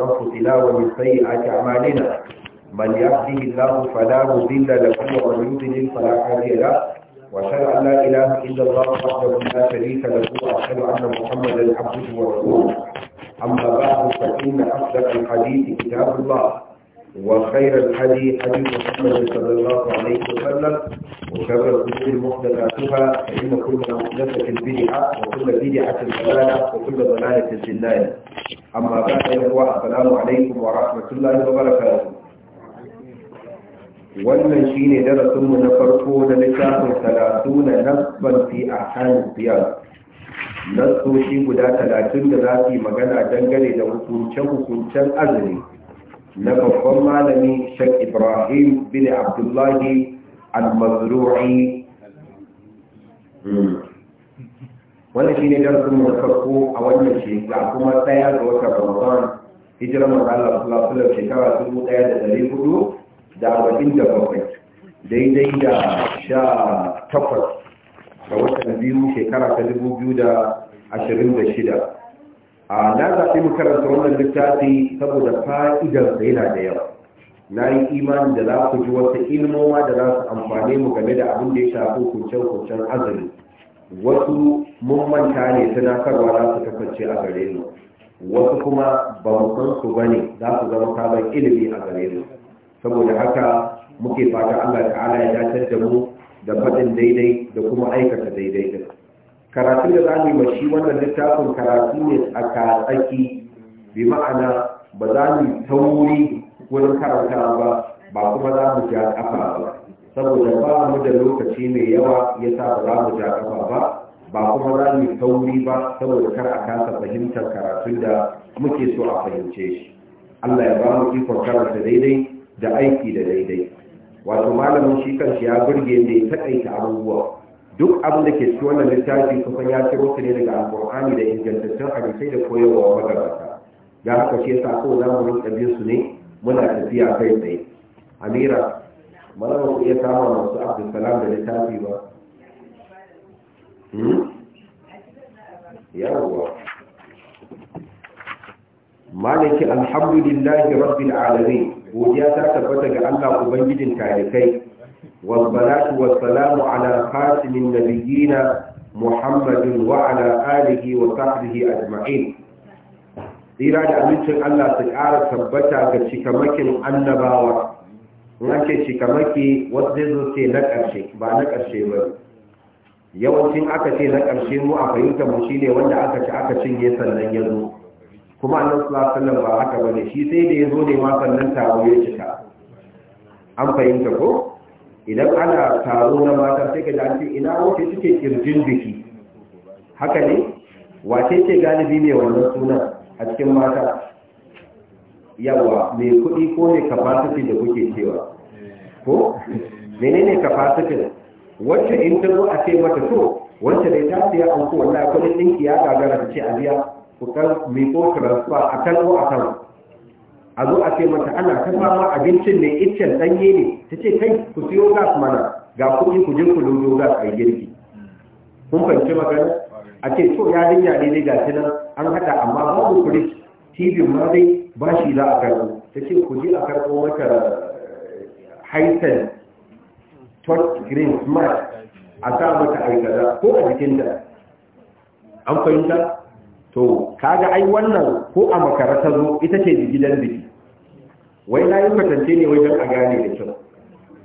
أنفسنا ومن سيئات أعمالنا من يهده الله فلا مضل له ومن يضلل فلا هادي له وأشهد أن لا إله إلا الله وحده لا شريك له وأشهد أن محمدا عبده ورسوله أما بعد فإن أصدق الحديث كتاب الله وخير الحديث حديث محمد صلى الله عليه وسلم وشر الامور محدثاتها فان كل مختلفة البدعة وكل بدعه ضلاله وكل ضلاله في النار اما بعد يا السلام عليكم ورحمه الله وبركاته وَلَمَنْ shi ne darasinmu na farko da littafin talatu na nasban fi a hannun biyar nasoshi guda talatin da za su na babban malami shek ibrahim bin abdullahi al-mazru'i hmm. wannan shi ne darasin mu farko a wannan shekara kuma tsaya ga watan ramadan hijirar manzo Allah sallallahu alaihi wasallam shekara 1400 da 47 daidai da sha takwas ga watan biyu shekara ta 2026 a na zaɓi mu karanta wannan littafi saboda fa'idar da yana da yawa na yi imanin da za ku ji wata ilmoma da za su amfane mu game da abin da ya shafi kuncen-kuncen azumi wasu mun manta ne tunatarwa za su kasance a gare mu wasu kuma ba mu san su ba ne za su zama sabon ilimi a gare mu saboda haka muke fata allah ta'ala ya dace da mu da faɗin daidai da kuma aikata daidai din karatun da za mu yi shi wannan littafin karatu ne a katsaki bi ma'ana ba za mu tauri wurin karanta ba ba kuma za mu ja kafa ba saboda ba mu da lokaci mai yawa ya sa ba za mu ja kafa ba ba kuma za mu tauri ba saboda kar a kasa fahimtar karatun da muke so a fahimce shi Allah ya ba mu ikon karanta daidai da aiki da daidai wato malamin shi kanshi ya burge ne ya taƙaita abubuwa duk abin da ke ci wannan littafi kusan ya ciro su ne daga alkur'ani da ingantattun hadisai da koyarwa magabata da haka shi yasa ko za mu rinka bin su ne muna tafiya kai tsaye amira mana ba ku iya samun masu abdulsalam da littafi ba hmm? yawwa malaki alhamdulillahi rabbil alamin godiya ta tabbata ga Allah ubangijin tarikai والصلاة والسلام على خاتم النبيين محمد وعلى آله وصحبه أجمعين tsira da abincin Allah su ƙara tabbata ga cikamakin annabawa ce cikamaki wasu zai zo ce na ƙarshe ba na ƙarshe ba yawancin aka ce na ƙarshe mu a fahimtar mu shine wanda aka ci aka cinye sannan ya zo kuma annan sallallahu ba haka bane shi sai da ya zo ne ma taro ya cika an fahimta ko idan ana taro na mata sai ka dace ina wace suke kirjin biki haka ne wace ce galibi ne wannan sunan a cikin mata yawa mai kuɗi ko mai capacity da kuke cewa ko menene capacity wacce in ta zo a ce mata to wacce dai ta siya an ko wallahi kuɗin ɗinki ya gagara ta ce a biya ku kan ko transfer a kan ko a kan a zo a ce mata ana ta fama abincin ne iccen ɗanye ne ta ce kai ku siyo gas mana ga kuɗi ku je ku lodo gas a girki kun fahimci magana a ce to ya dinga ne dai gashi nan an haɗa amma babu kuɗi tv ma dai ba shi za a karɓo ta ce ku je a karɓo mata haitan eh, tot green smart a sa mata aikata ko a jikinta an fahimta to kaga ai wannan ko a makarata zo ita ce gidan biki wai na yi kwatance ne wajen a gane da kyau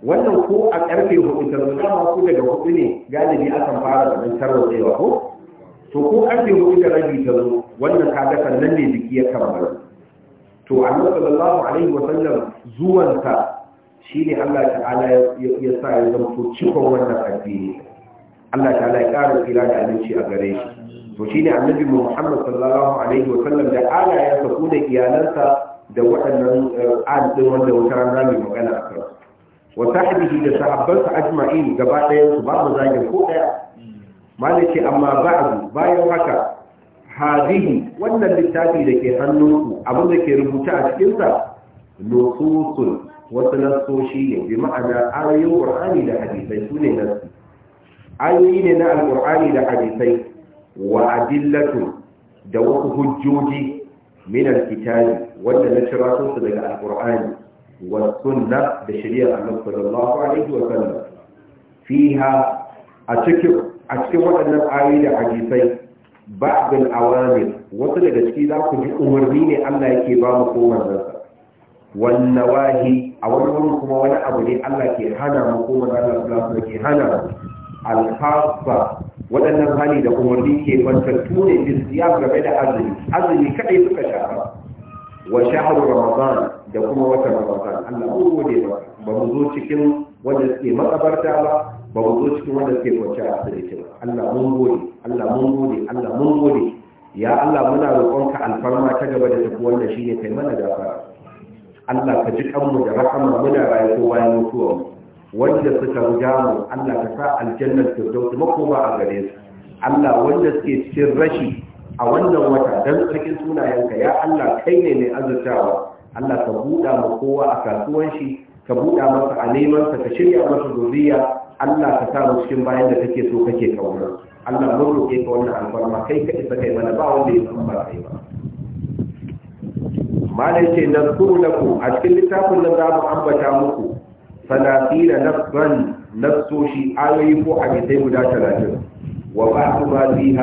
wannan ko a karfe hudu ta zama dama ko daga hudu ne galibi akan fara da nan tarwatsewa ko to ko karfe hudu da rabi ta zo wannan kaga sannan ne jiki ya kammala to annabi sallallahu alaihi wasallam zuwansa shine Allah ta'ala ya sa ya zama to cikon wannan addini Allah ta'ala ya ƙara tsira da aminci a gare shi to shine annabi Muhammad sallallahu alaihi wasallam da ya ko da iyalansa da waɗannan eh, adadin wanda wata rana mai magana a kansu wa sahibihi da sahabbansa ajma'in gaba ɗaya su babu zagin ko ɗaya malai ce amma ba'du bayan haka hadihi wannan littafi da ke hannunku abin da ke rubuta a cikinsa, sa nususun wasu nasoshi ne bi ma'ana ayoyin qur'ani da hadisai sune nasu ayoyi ne na Alƙur'ani da hadisai wa adillatu da wasu hujjoji min al-kitabi wanda na cira su daga al-qur'ani wa sunna da shari'ar annabi sallallahu alaihi wa sallam fiha a cikin waɗannan ayoyi da hadisai ba'dul awamir wasu daga ciki za ku ji umarni ne Allah yake ba mu ko manzansa a wani kuma wani abu ne Allah ke hana mu hana alhafa waɗannan hali da umarni ke fantattu ne bin siyam game da azumi azumi kaɗai suka shafa wa shahru ramadan da kuma watan ramadan Allah ko gode ba ba mu zo cikin wanda suke makabarta ba ba mu zo cikin wanda suke kwance a asibiti ba Allah mun gode Allah mun gode Allah mun gode ya Allah muna roƙonka alfarma ta gaba da wanda shi shine kai mana gafara Allah ka ji kanmu da rahama muna rayuwa bayan mutuwa mu wanda suka riga mu Allah ka sa aljannar firdaus makoma a gare su Allah wanda suke cikin rashi a wannan wata dan cikin sunayenka ya Allah kai ne mai azurtawa Allah ka buɗa ma kowa a kasuwan shi ka buɗa masa a neman sa ka shirya masa zuriya Allah ka sa mu cikin bayan da kake so kake kauna Allah mun roƙe ka wannan alfarma kai ka isa kai mana ba wanda ya san ba kai ba malai ce nan ku a cikin littafin nan za mu ambata muku salasina nafsan nafsoshi ayoyi ko hadisai guda talatin wa ba'du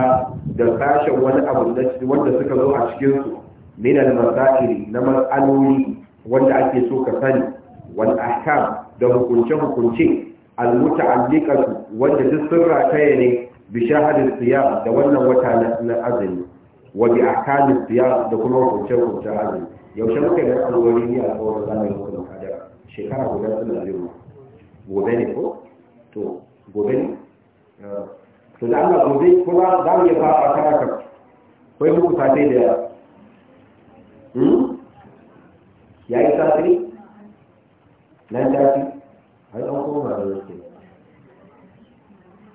da sashen wani abu wanda suka zo a cikin su na al na matsaloli wanda ake so ka sani wani ahkam da hukunce hukunce al-muta'alliqatu wanda duk sirra ta ne bi shahadin siyam da wannan wata na azumi wani bi ahkamis da kuma hukunce hukunce azumi yaushe muka ga alwali ne a tsawon zamani shekara guda suna zero gobe ne ko to gobe ne to da Allah gobe kuma za mu yi fara kara ka kai muku tafe da hmm ya yi tafi nan tafi ai an koma da yake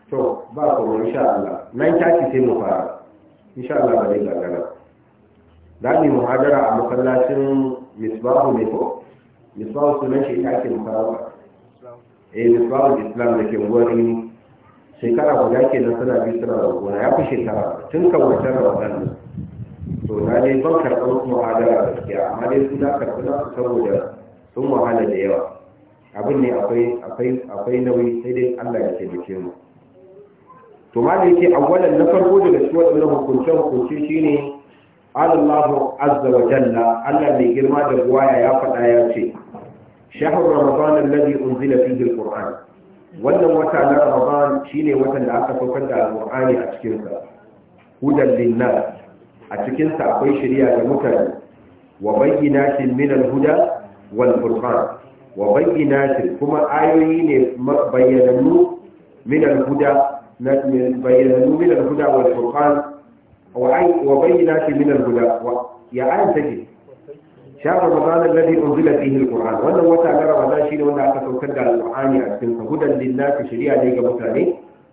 to ba ko insha Allah nan tafi sai mu fara insha Allah ba dai gagara da mu muhadara a masallacin misbahu ne ko misbahu sunan shi ake musarawa eh misbahu islam da ke gwari shekara guda ke nan suna biyu suna ragona ya fi shekara tun kan wancan ramadan ne to na dai ban karɓar kuma hadara gaskiya amma dai su na karɓi na su saboda sun wahala da yawa abin ne akwai nauyi sai dai allah ya taimake mu to ma da yake awwalan na farko daga cikin waɗannan hukunce hukunce shine Allah azza wa jalla Allah mai girma da buwaya ya faɗa ya ce shahar ramadan alladhi unzila fihi alquran wannan wata na ramadan shine watan da aka saukar da alqurani a cikin sa hudan linnas a cikin sa akwai shari'a ga mutane wa bayyinatin min alhuda wal furqan wa bayyinatin kuma ayoyi ne bayyanannu min alhuda bayyanannu min alhuda wal furqan wa bayyinatin min alhuda ya ayan take shahar ramadan alladhi unzila fihi alquran wannan wata na ramadan shine wanda aka saukar da alqurani a cikin sa hudan lillahi shari'a ne ga mutane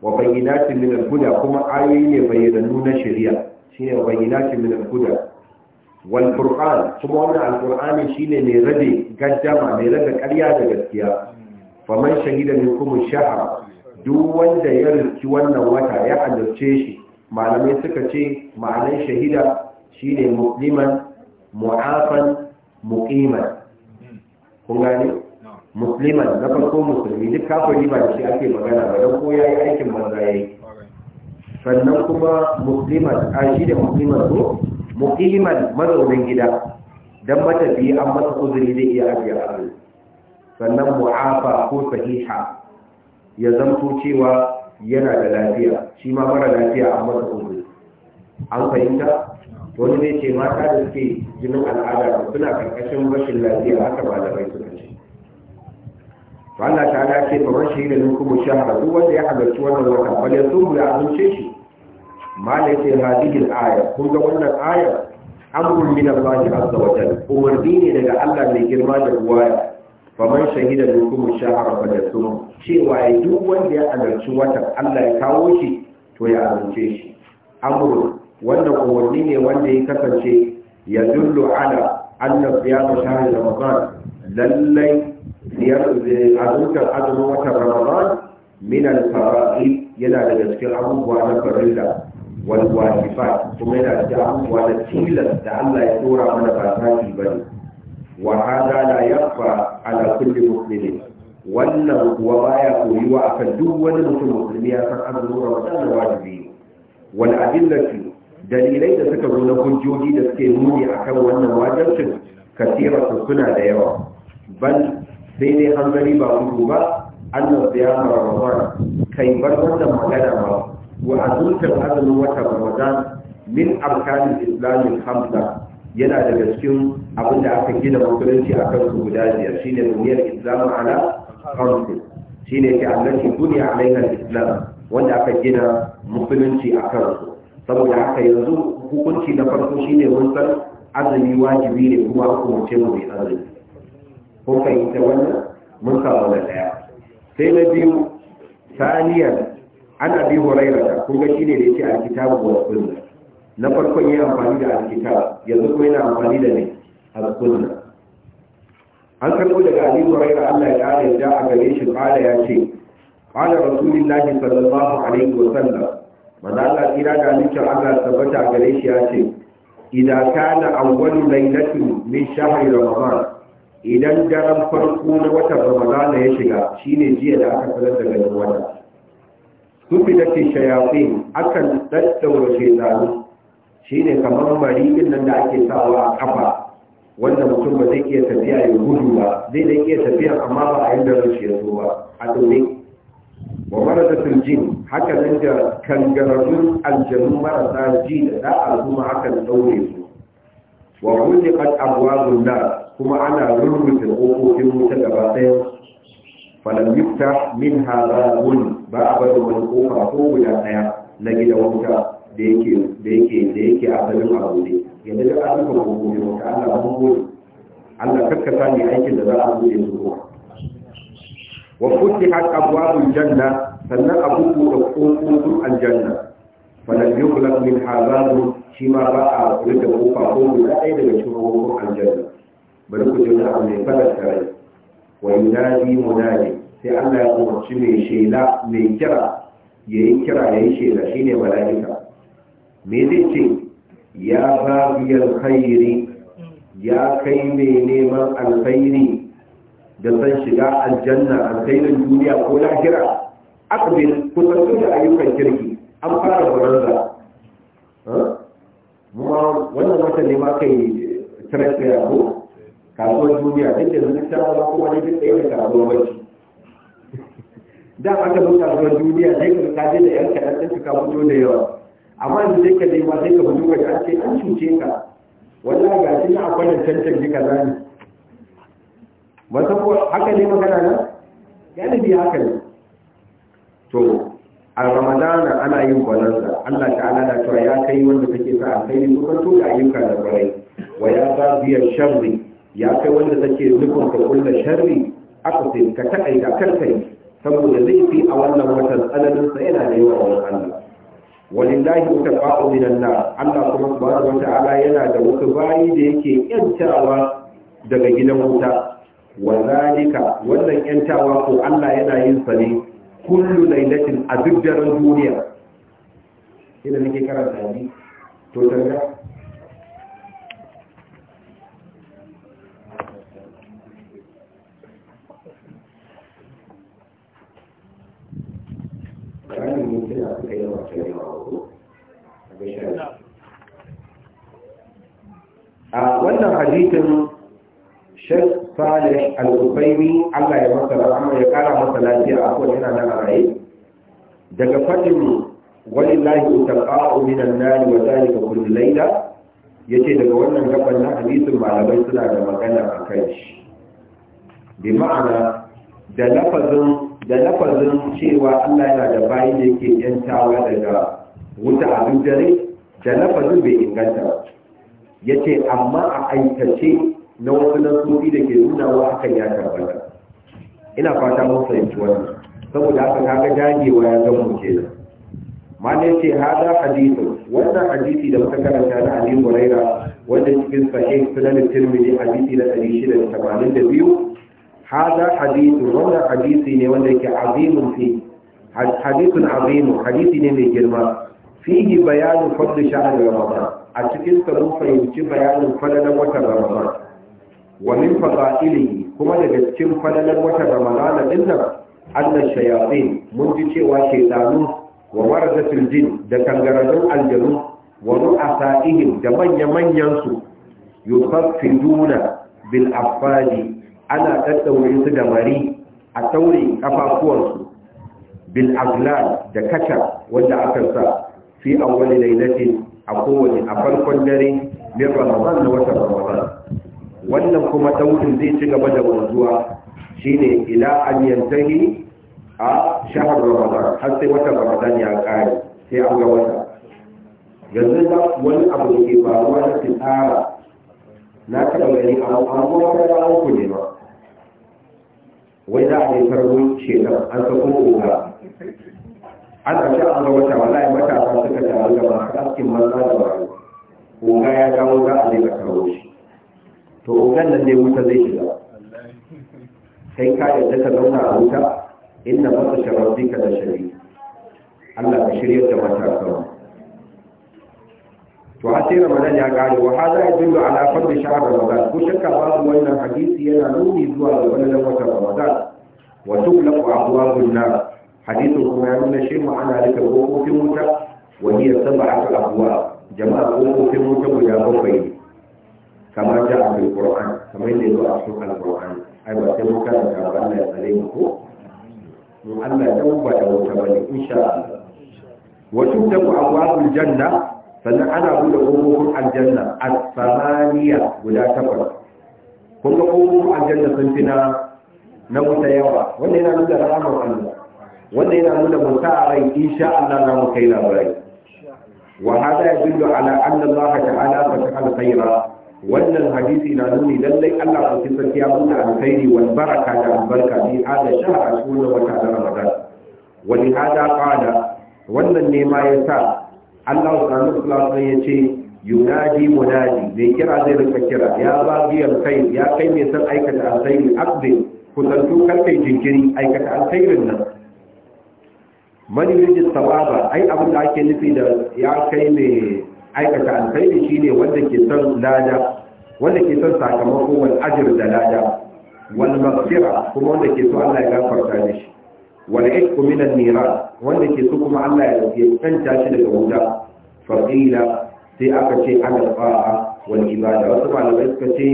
wa bayyinatin min alhuda kuma ayoyi ne bayyanannu na shari'a shine wa bayyinatin min alhuda wal furqan kuma wannan alqurani shine mai rabe gaddama mai rabe ƙarya da gaskiya faman shahida minkum ash-shahr duk wanda ya riski wannan wata ya halarce shi malamai suka ce ma'anar shahida shine musliman mu'afan muqiman kun gani musliman na farko musulmi duk kafiri ba da shi ake magana ba don ko yayi aikin banza yayi sannan kuma musliman a shi da musliman ko muqiman mazaunin gida dan matafiyi an masa uzuri zai iya ajiyar aure sannan mu'afa ko sahiha ya zanto cewa yana da lafiya shi ma mara lafiya an masa uzuri an fahimta wani ne ce mata da suke jinin al'ada suna karkashin rashin lafiya haka malamai suka ce to ta ala ce kamar shahida ne kuma shahara duk wanda ya halarci wannan wata bal ya sumu ya azumce shi malai ce hadihil aya kun ga wannan aya amrun min Allah azza wa jalla umarni ne daga Allah mai girma da ruwaya faman shahida ne kuma shahara bal cewa duk wanda ya halarci watan Allah ya kawo shi to ya amince shi amrun wanda umarni ne wanda ya kasance ya dullu ala anna siyama shahri ramadan lallai siyar azurkar azumin watan ramadan min al-fara'id yana daga cikin abubuwa na farilla wal wajifat kuma yana da abubuwa na tilas da Allah ya dora mana ba taki bane wa hada la yakhfa ala kulli muslimin wannan kuwa baya koyuwa akan duk wani mutum musulmi ya san azumin ramadan wajibi wal adillati dalilai da suka zo na hujjoji da suke nuni akan wannan wajibcin kasira suna da yawa Ban sai dai hanzari ba gudu ba annan siyama ramadan kai bar wannan magana ba wa azumtar azumin watan ramadan min arkanin islamin Hamza yana daga cikin abin da aka gina musulunci a kansu guda biyar shine duniyar islam ala hamsin shine ke allaci duniya alaiha islam wanda aka gina musulunci a kansu saboda haka yanzu hukunci na farko ne mun san azumi wajibi ne kuma hukumce mu mai azumi ko ta wannan mun samu na daya sai na biyu saniyar an abi horaira kun shi ne da yake alkitabu wa sunna na farkon yi amfani da alkitabu yanzu kuma yana amfani da ne a sunna an karɓo daga abi horaira Allah ya kare da a gare shi ƙara ya ce qala rasulullahi sallallahu alaihi wa sallam maza Allah tsira ga mutum Allah tabbata gare shi ya ce idan kana awwalu lailatin min shahri ramadan idan daren farko na watan ramadan ya shiga shine jiya da aka sanar da ganin wata tufidati shayatin akan daddaura shi shine kamar din nan da ake sawa a kafa wanda mutum ba zai iya tafiya ya gudu ba zai da iya tafiya amma ba a yanda rashi ya zo ba a dole wa marasa jin haka nan da kangararrun aljanu marasa ji da da'ar kuma haka da ɗaure su wa kulliqat abwabun nar kuma ana rurrufe ƙofofin wuta gaba ɗaya falam min min harabun ba a bari wani kofa ko guda ɗaya na gida wuta da yake da yake da a garin abu yadda da an rufe kofofin wuta ana mun gode Allah kakkasa ne aikin da za a buɗe su kuma wa futihat abwabul janna sannan a ko da kofofin aljanna falam yughlaq min habaru shi ma ba a kula da kofa ko guda ɗaya daga cikin kofofin aljanna bari ku ji abu mai fadar tare wa yunadi munadi sai Allah ya umarci mai shela mai kira yayi kira yayi shela shine malaika me zai ya khairi ya kai mai neman alkhairi da zan shiga aljanna alkhairin duniya ko lahira akbil kusantu da ayyukan kirki an fara bonanza kuma wannan wata ne ma kai tarafiya ko kasuwar duniya duk da zai ta zama kuma ne duk ɗaya da kasuwar bacci da aka zo kasuwar duniya sai ka kaje da yan kaɗan ɗin ka fito da yawa amma yanzu sai ka nema sai ka fito ka ce an cuce ka wallahi ga shi na akwai da cancanci ka ne wata ko haka ne magana nan galibi haka ne to a ramadana ana yin balansa Allah ta'ala na cewa ya kai wanda take sa alkhairi kuma to da ayyuka da barai wa ya ba biyar sharri ya kai wanda take nufin ka kulla sharri aka sai ka takaita kankai saboda zai fi a wannan watan tsananin sa yana da yawa wa Allah walillahi utaqa'u minan Allah kuma subhanahu ala yana da wasu bayi da yake yantawa daga gidan wuta wa zalika wannan yantawa ko Allah yana yin sa ne kullu lailatin a duk daren duniya ina nake karanta hadisi to tanga a wannan hadisin shek salih al-usaimi Allah ya masa rahama ya kara masa lafiya a na yana nan a raye daga fadin walillahi taqa'u min an-nar wa zalika kullu layla yace daga wannan gaban na hadisin malamai suna da magana akan shi bi ma'ana da lafazin da lafazin cewa Allah yana da bayin da yake yantawa daga wuta abin dare da lafazin bai inganta yace amma a aikace na wasu nasofi da ke nuna wa hakan ya tabbata ina fata mun fahimci wannan saboda haka kaga dagewa ya zama kenan malai ce hada hadithu wannan hadisi da muka karanta na Ali Huraira wanda cikin sahih sunan Tirmidhi hadisi na 682 hada hadithu wannan hadisi ne wanda yake azimun fi hadithun azimun hadisi ne mai girma fihi bayanu fadl sha'r Ramadan a cikin sa mun fahimci bayanin fadalan watan Ramadan wa min fada'ilihi kuma daga cikin fadalan wata ramadana din nan annal shayatin mun ji cewa shaytanu wa waradatul jin da kangaradun aljanu wa ru'asaihim da manya manyan su yufaffiduna bil afadi ana daddaure su da mari a taure kafafuwansu bil aglal da kaca wanda aka sa fi awwali lailatin a kowane a farkon dare mai ramadan na wata ramadan wannan kuma daurin zai ci gaba da wanzuwa shine ila an yantahi a shahar ramadan har sai watan ramadan ya kare sai an ga wata yanzu da wani abu da ke faruwa na fitara na taɓa gani a abubuwa ta da uku ne ba wai za a yi farko ce nan an ka kuma uga an ce an ga wata wala matasa suka taru da masu askin maza da ba uga ya dawo za a je ka karo shi to ogan nan dai wuta zai shiga kai ka yadda ka zauna a wuta inda masu sharar ka da shari Allah ka shirya da matasa to a sai ramadan ya kare wa hada ya dillu ala fadli shahr ramadan ko shakka babu wannan hadisi yana nuni zuwa ga wannan watan ramadan wa tuqlaqu abwabun nar hadisin kuma ya nuna shi ma'ana rika kofofin wuta wa hiya sab'atu abwab jama'a kofofin wuta guda bakwai كما جاء في القرآن كما يجب أشوف القرآن أي بسيبك أن تعبان يسلمك وأن توبة وتبني إن شاء الله وتبدأ أبواب الجنة sannan ana buɗe ƙofofin aljanna a samaniya guda takwas kun ga ƙofofin aljanna sun fi na na wuta yawa wanda yana nuna rahamar Allah wanda yana nuna musa a rai insha Allah na mu kai labarai wa hada yadullu ala anna Allah ta'ala fataha al-khayra wannan hadisi na nuni lallai Allah ku sarki ya buɗe alkhairi wal baraka da albarka bi hada shahr a cikin wata Ramadan wa li hada qala wannan ne ma yasa Allah subhanahu wa ta'ala yace yunadi munadi mai kira zai rika kira ya ba biyan kai ya kai mai san aikata alkhairi akbil kusantu karkai jinkiri aikata alkhairin nan mani yujin sababa ai abin da ake nufi da ya kai mai aikata alkhairi shine wanda ke son lada wanda ke son sakamako wal ajr da lada wal maghfira kuma wanda ke so Allah ya gafarta mishi wal ikhu min an wanda ke so kuma Allah ya tsanta shi daga wuta faqila sai aka ce ala fa'a wal ibada wasu malamai suka ce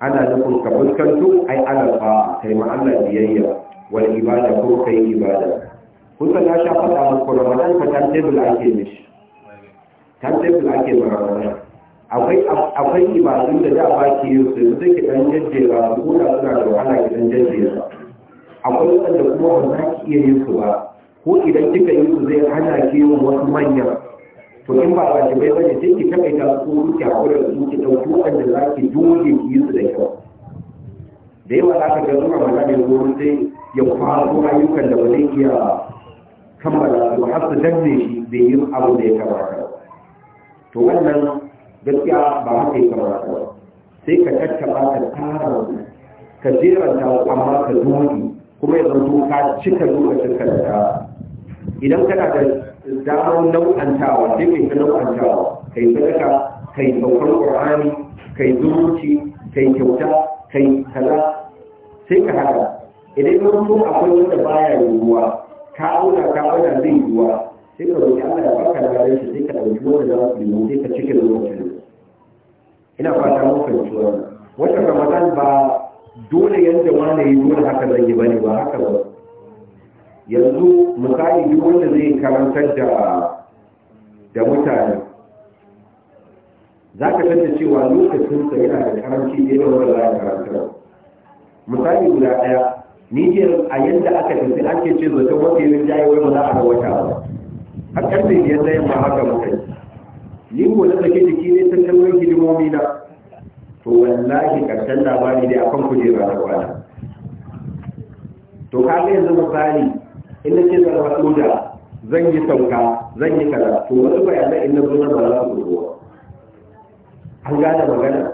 ana nufin ka fuskanto ai ala fa'a kai ma Allah biyayya wal ibada ko kai ibada kun ta sha faɗa muku Ramadan fatan table ake mishi concept da ake maramana akwai akwai ibadun da da ba ke yi su zai ke ɗan jajjera ko da suna da wahala ke ɗan jajjera akwai wanda kuma ba za ki iya yin su ba ko idan kika yi su zai hana ki yin wasu manya to in ba ba jibai bane sai ki taɓa takaita ko ki hakura su ki dauki wanda za ki doge ki yi su da kyau da yawa za ka ga zuwa mana ne wurin sai ya faru ayyukan da ba zai iya kammala su har su danne shi bai yi abu da ya kamata to wannan gaskiya ba haka yi kamar ba sai ka tattaba ka tara ka jera ta amma ka dubi kuma ya zanto ka cika lokacin ka da idan kana da damar nau'antawa sai kai ta nau'antawa kai sadaka kai saukar qur'ani kai zumunci kai kyauta kai kaza sai ka haka idan mun so akwai wanda baya yiwuwa ka auna ka auna zai yiwuwa sai ka roƙi Allah ya baka da gare shi sai ka ɗauki wanda za su sai ka cike lokacin ina fata mun fahimci wannan wata ramadan ba dole yadda wani yi dole haka zan yi ne, ba haka ba yanzu misali duk wanda zai karantar da da mutane za ka tanta cewa lokacinsa yana da karanci da yawan wanda za a karantar misali guda ɗaya ni a yadda aka tafi ake ce zaton wata yi rinjaye wai ba za a wata ba a ƙarfe biyar na yamma haka mutane, yi ni ko na jiki ne ta kallon hidimomi na to wallahi karshen labari dai akan kujera da kwana to kaga yanzu misali in na ce zan faɗo soja, zan yi sauka zan yi kaza to wasu bayanai in na zo na ba za su zo an gane magana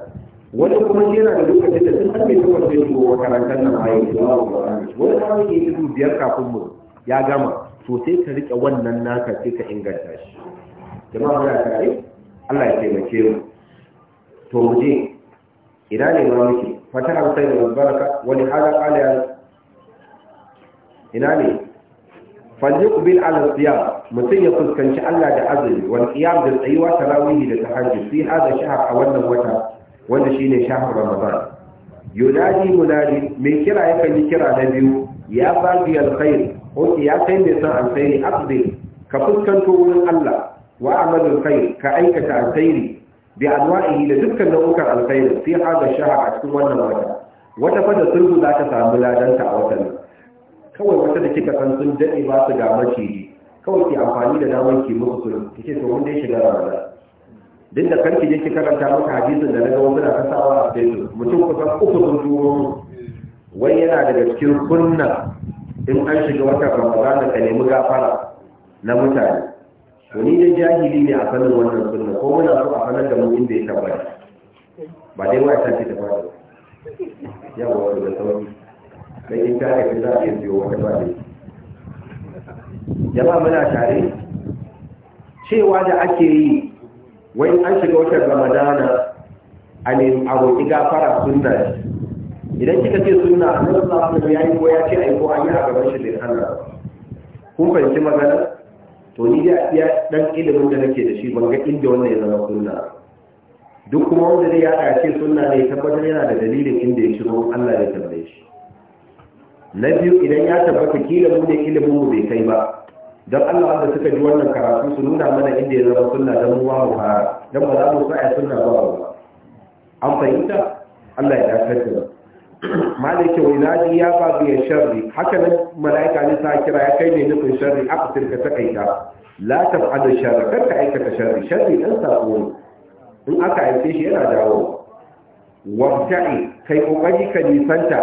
wani kuma na da lokacin da sun san mai takwas zai shigo makarantar nan ma yau da wani wani kawai ke yi biyar kafin mu ya gama to sai ka rike wannan naka sai ka inganta shi jama'a muna tare Allah ya taimake mu to mu je ina ne ma muke fatan alkhair da baraka wani hada qala ina ne falyuqbil al siyam mutum ya fuskanci Allah da azumi wal qiyam da tsayuwa tarawihi da tahajjud fi hada shahr a wannan wata wanda shine shahr ramadan yunadi munadi Me kira yakan yi kira na biyu ya bazi alkhair oke ya san da san alkhairi aqbil ka fuskanto wurin Allah wa amalu khair ka aikata alkhairi bi anwa'ihi da dukkan nau'ukan alkhairi fi hada shahar a cikin wannan wata wata fa da sulhu za ta samu ladanta a watan kawai wata da kika san sun dade ba su ga maciji kawai ki amfani da daman ki musu sulhu kike to wanda ya shiga ramadan duk da karki je ki karanta maka hadisin da daga wanda ka sawa a cikin mutum kusan uku sun tuwo. wai yana daga cikin kunna in an shiga wata da ka nemi gafara na mutane to ni dai jahili ne a sanin wannan sunna ko muna so a sanar da mu inda ya tabbata ba dai wai ta ce ta fara ba. yawa da sauki sai in ka ga za a iya biyo wata ba ne jama'a muna tare cewa da ake yi wai an shiga wata ramadana a ne a roƙi gafara sunna idan kika ce suna annabi sallallahu ya yi ko ya ce ai ko an yi a gaban shi din Allah kun fahimci magana to ni da iya dan ilimin da nake da shi ban ga inda wannan ya zama sunna duk kuma wanda zai yada ce sunna ne tabbatar yana da dalilin inda ya shiro Allah ya tabbata shi na biyu idan ya tabbata kila mu ne ilimin mu bai kai ba don Allah wanda suka ji wannan karatu su nuna mana inda ya zama sunna don mu wahu ha don ba za mu sa sunna ba ba an fahimta Allah ya dace da malai ce wai naji ya ba biya sharri haka nan mala'ika ne ta kira ya kai ne nufin sharri aka tilka ta kaita la taf'alu sharri kar ka aikata sharri sharri dan sako in aka aike shi yana dawo wabta'i kai kokari ka nisanta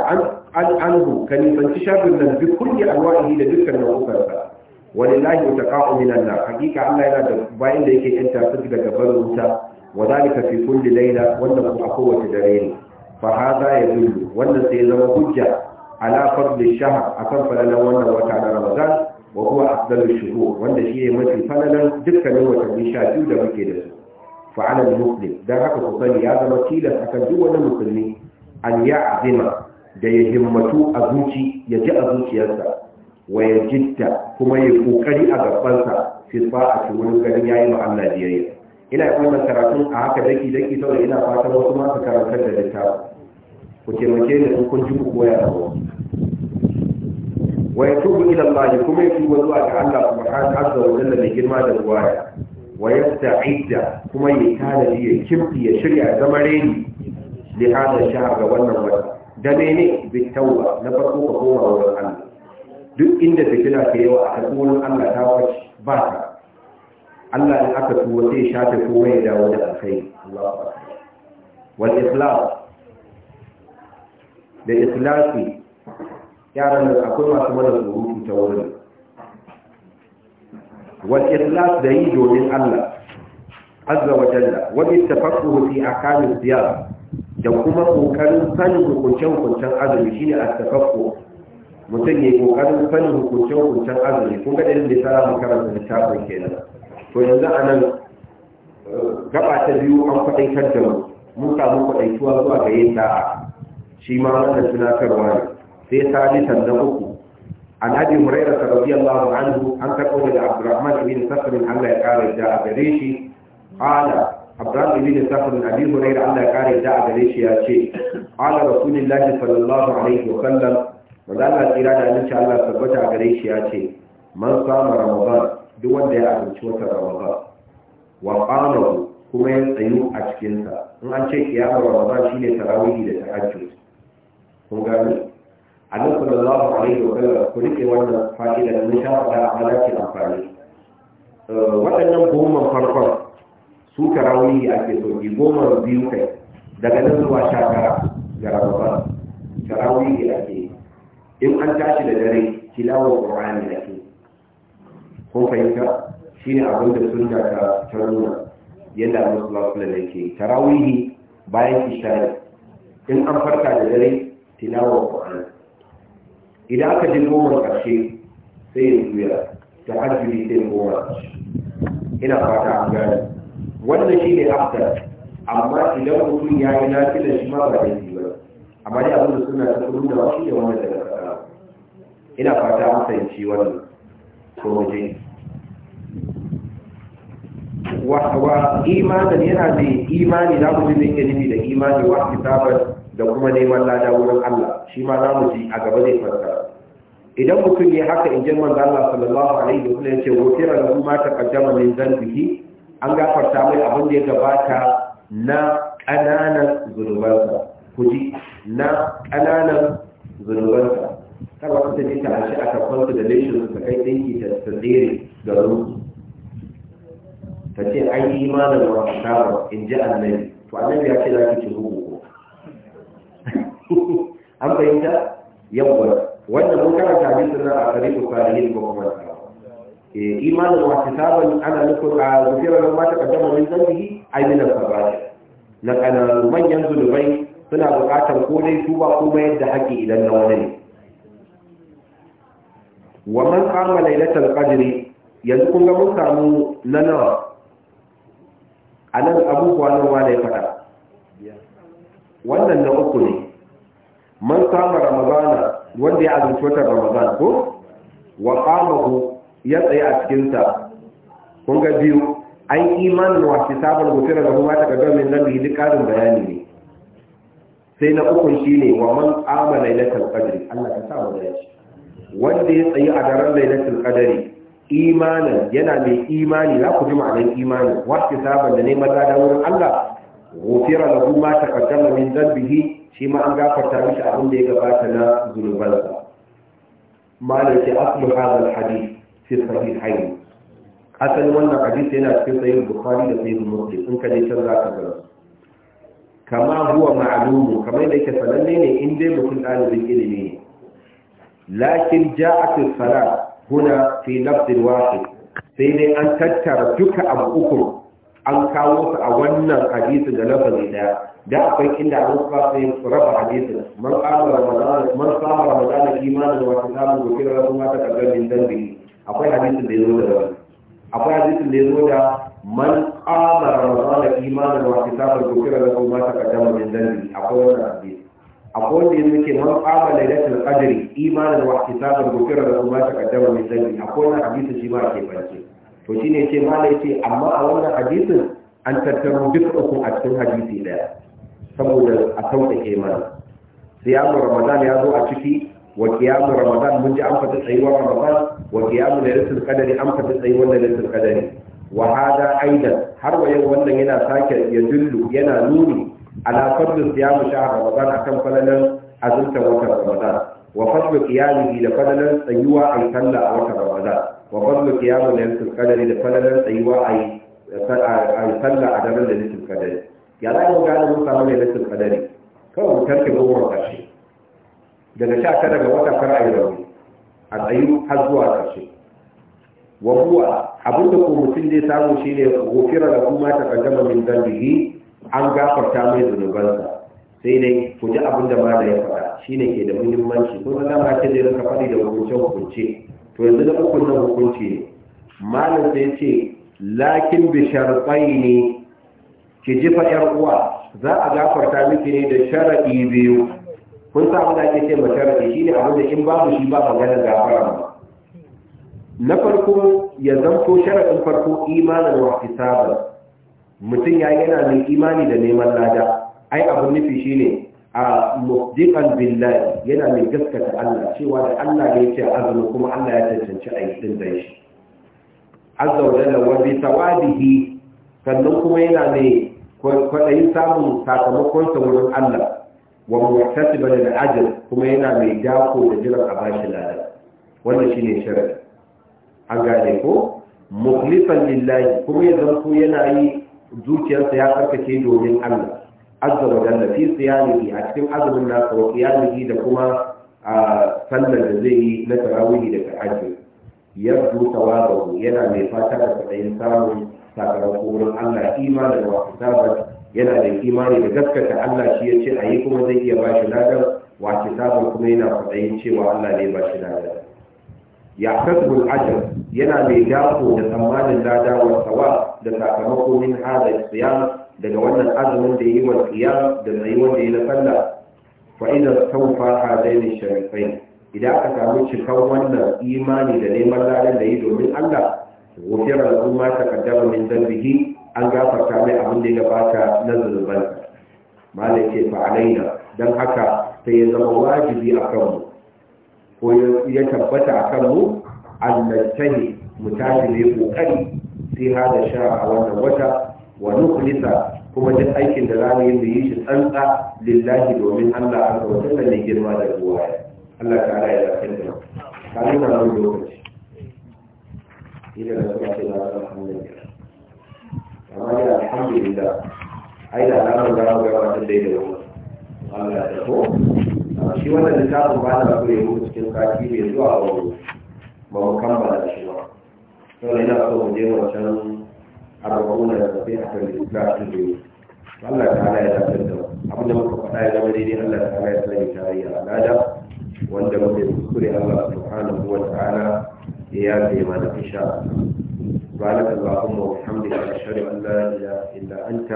an anhu ka nisanci sharrin nan bi kulli anwa'ihi da dukkan nau'ukansa walillahi mutaqa'u minan nar hakika Allah yana da bayin da yake yanta su daga barin wuta wa zalika fi kulli layla wannan ku a kowace dare ne fa ya yadullu wannan sai zama hujja ala fadli akan falalan wannan wata na ramadan wa huwa afdalu shigo, wanda shi ne mafi falalan dukkanin watanni biyu da muke da su fa muslim dan haka ku sani ya zama tilas kan duk wani musulmi an ya'zima da ya himmatu a zuci ya ji a zuciyarsa wa ya jitta kuma ya kokari a gabansa fi a cikin wani ganin yayi wa Allah biyayya ina yi wannan karatun a haka daki daki saboda ina fatan wasu ma su karanta da littafi ku mace ne in kun ji ku koya da wasu wa yatubu ila Allah kuma yi tuba zuwa ga Allah subhanahu wa ta'ala wanda mai girma da ruwaya wa yasta'idda kuma ya tanadi ya kimti ya shirya zama reni li hada shahar ga wannan wata da mene bi tauba na farko ka koma wurin Allah duk inda fitina ke yawa a wurin Allah ta wace ba ta Allah in aka tuwo zai shafe komai ya dawo da alkhairi Allahu akbar wal ikhlas da ikhlasi yaran da akwai masu mana surutu ta wurin wal ikhlas da yi domin Allah azza wa jalla wa bi tafaqquh fi ahkam siyar da kuma kokarin sanin hukuncen hukuncen azumi shine at-tafaqquh mutum ne kokarin sanin hukuncen hukuncen azumi kun ga dalilin da ya sa mu karanta littafin kenan to yanzu a nan gaba ta biyu an kwaɗai kanta mu mun samu tuwa zuwa ga yin da'a shi ma wannan tunatarwa ne sai salisan na uku an abi Allah radiyallahu anhu an karɓo daga abdurrahman ibn Safarin Allah ya ƙara da a gare shi Ƙala. abdurrahman ibn Safarin abi hurairah Allah ya ƙara da a gare shi ya ce qala rasulullahi sallallahu alaihi wa sallam wanda Allah tsira da annabi Allah tabbata a gare shi ya ce man sama ramadan duk wanda ya abinci wata ramadan wa qama kuma ya tsayu a cikinsa, in an ce kiyamar ramadan shine tarawih da tahajjud kun gani a annabi sallallahu alaihi wa sallam ku rike wannan fa'ida da mun shafa da amalakin amfani eh, waɗannan goma farkon su tarawih ake so ki goma biyu kai daga nan zuwa sha tara ga ramadan tarawih ake in an tashi da dare tilawar qur'ani da kun fahimta shi ne abin da sun da ta nuna yadda abin su lafi lalai ke tarawihi bayan ishari in an farka da dare tilawar ƙwa'an idan aka ji goma ƙarshe sai ya juya ta hajjuri sai goma ina fata an gani wannan shi ne aftar amma idan mutum ya yi lafiyar shi ma ba da ba amma dai abin da suna ta kudu da shi ne wanda daga ina fata an fahimci wannan ko waje wa imanin yana da imani za mu ji nufi da imani wa kitabar da kuma neman lada wurin Allah shi ma za mu ji a gaba zai farka idan mutum ya haka in jirman da Allah sallallahu alaihi wa sallam ce wutira da kuma ta kaddama min zanbihi an gafarta mai abin da ya gabata na ƙananan zulubansa ji na kananan zulubansa kar wata ta ji ta ashe aka kwanta da laifin ta kai ɗinki ta tsere ga ruhu kace ai imanin wa shara in ji annabi to annabi ya ce zaki ci rubu ko an fahimta yawwa wanda mun karanta hadisin sunna a tarihi salihin ko kuma imanin wa kitaban ana nufin a gufira nan ma ta kaddama min zambihi ai min al na kana yanzu da bai suna bukatar ko dai tuba ko mayar da haƙi idan na wani ne wa man qama lailatul qadri yanzu kun ga mun samu na a nan abubuwa nawa ya faɗa wannan na uku ne man kama ramadana wanda ya azumci watan ramadan ko wa qamahu ya tsaye a cikin sa kun ga biyu an imanin wa kitabul gufira da kuma daga domin nan bi karin bayani ne sai na ukun shine wa man qama lailatul qadri Allah ka sa mu da shi wanda ya tsaye a daren lailatul qadri imanin yana mai imani za ku ji ma'anar imani wasu saban da neman lada wurin Allah gofira da kuma ta kaddama min zambihi shi ma an gafarta mishi abin da ya gabata na zunubansa malam ce aslu hadal hadith fi sahihaini asalin wannan hadith yana cikin sahih bukhari da sahih muslim in ka je can za ka ga kama huwa ma'lumu kamar da yake sananne ne in dai mutum ɗalibin ilimi ne lakin ja'atul salat huna fi nafsin wahid sai dai an tattara duka abu uku an kawo su a wannan hadisin da lafazi da da akwai inda an ba yin raba hadisin man qala ramadan man qala da wata samun tisaman gufira mata ma taqaddama min akwai hadisin da yazo da wani akwai hadisin da yazo da man qala ramadan imanan wa tisaman gufira lahu ma taqaddama min dhanbihi akwai wannan hadisi akwai wanda yanzu ke man qama lailatul qadri imanin wa ihtisaban ghufira lahu ma taqaddama mai dhanbi akwai wannan hadisin shi ma ke bace to shine ce malai ce amma a wannan hadisin an tattaro duk uku a cikin hadisi daya saboda a ke mana siyamu ramadan ya zo a ciki wa kiyamu ramadan mun ji an fata tsayuwar ramadan wa kiyamu lailatul qadri an fata tsayuwar lailatul qadri wa hada aidan har wa yau wannan yana sake ya dullu yana nuni ala fadlu siyamu shahr ramadan akan falalan azumta watan ramadan wa fadlu qiyami da falalan tsayuwa ay sallah a watan ramadan wa fadlu qiyamu laylatul qadri da falalan tsayuwa ay ay sallah a daren laylatul qadri ya za mu gane mun samu laylatul qadri kawai mu tarke gowar karshe daga sha tara ga wata kar ayi rauni a tsayu har zuwa karshe wa huwa abinda ko mutum zai samu shine gofira da kuma ta kaddama min dalili an gafarta mai zunubansa sai dai ku ji abin da ma da ya faɗa shi ne ke da muhimmanci ko da dama ce da raka faɗi da hukunce hukunce to yanzu da uku na hukunce ne malam sai ce lakin bi sharɓai ne ki ji fa ƴar uwa za a gafarta miki ne da sharaɗi biyu kun sa abin da ake ce ma sharaɗi ne abin da in babu shi ba ganin gafara ba na farko ya zanto sharaɗin farko imanin wa hisaban mutum ya yana mai imani da neman lada ai Abu nufi shi ne, a musdiqan billahi yana mai gaskata Allah cewa da Allah ya ce azumi kuma Allah ya cancanci a yi da shi azza wa jalla wa sannan kuma yana mai kwaɗayin samun sakamakon sa wurin Allah wa muhtasiban da ajr kuma yana mai dako da jiran a bashi lada wannan shine sharadi an gane ko mukhlifan lillahi kuma ya yana yi zuciyarsa ya karkace domin Allah azza da lafi fi a cikin azumin nasa wa qiyamihi da kuma a sallar da zai yi na tarawih da tahajjud yarju tawabahu yana mai fata da kadayin samun sakamako wurin Allah da wasu hisaban yana da imani da gaskata Allah shi ya ce yi kuma zai iya bashi ladan wa hisaban kuma yana kadayin cewa Allah ne bashi ladan ya kasbul yana mai dako da tsammanin lada wa da sakamako min hada siyam daga wannan azumin da yi wa siyam da mai wanda yi na sallah fa idan saufa ne sharifai idan aka samu cikan wannan imani da neman ladan da yi domin Allah gofiyar al'umma ta kaddama min zambihi an gafarta mai abin da ya gabata na zunuban malai ce fa alaina dan haka sai ya zama wajibi a kanmu ko ya tabbata a kanmu ne mu tashi ne kokari fi hada sha a wannan wata wa nukhlisa kuma duk aikin da zamu yi mu yi shi tsantsa lillahi domin Allah azza wa jalla ne girma da ruwa Allah ta'ala ya zakin da ka nuna mun lokaci ila da sura ta alhamdulillah amma ya alhamdulillah ai da nan da ga wannan dai da wannan Allah ya ko shi wannan littafin ba da kure mu cikin kaki mai zuwa ba mu kammala shi ba to ina so mu je wancan arba'una da tafi a kan lissafin da Allah ta ala ya tafi da abin da muka faɗa ya zama daidai Allah ta ala ya sani tarayya al'ada wanda muke kuskure Allah subhanahu wa ta'ala ya yafe mana insha Allah سبحانك اللهم وبحمدك اشهد ان لا اله الا انت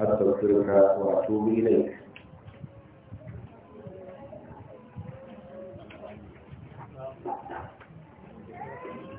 استغفرك واتوب اليك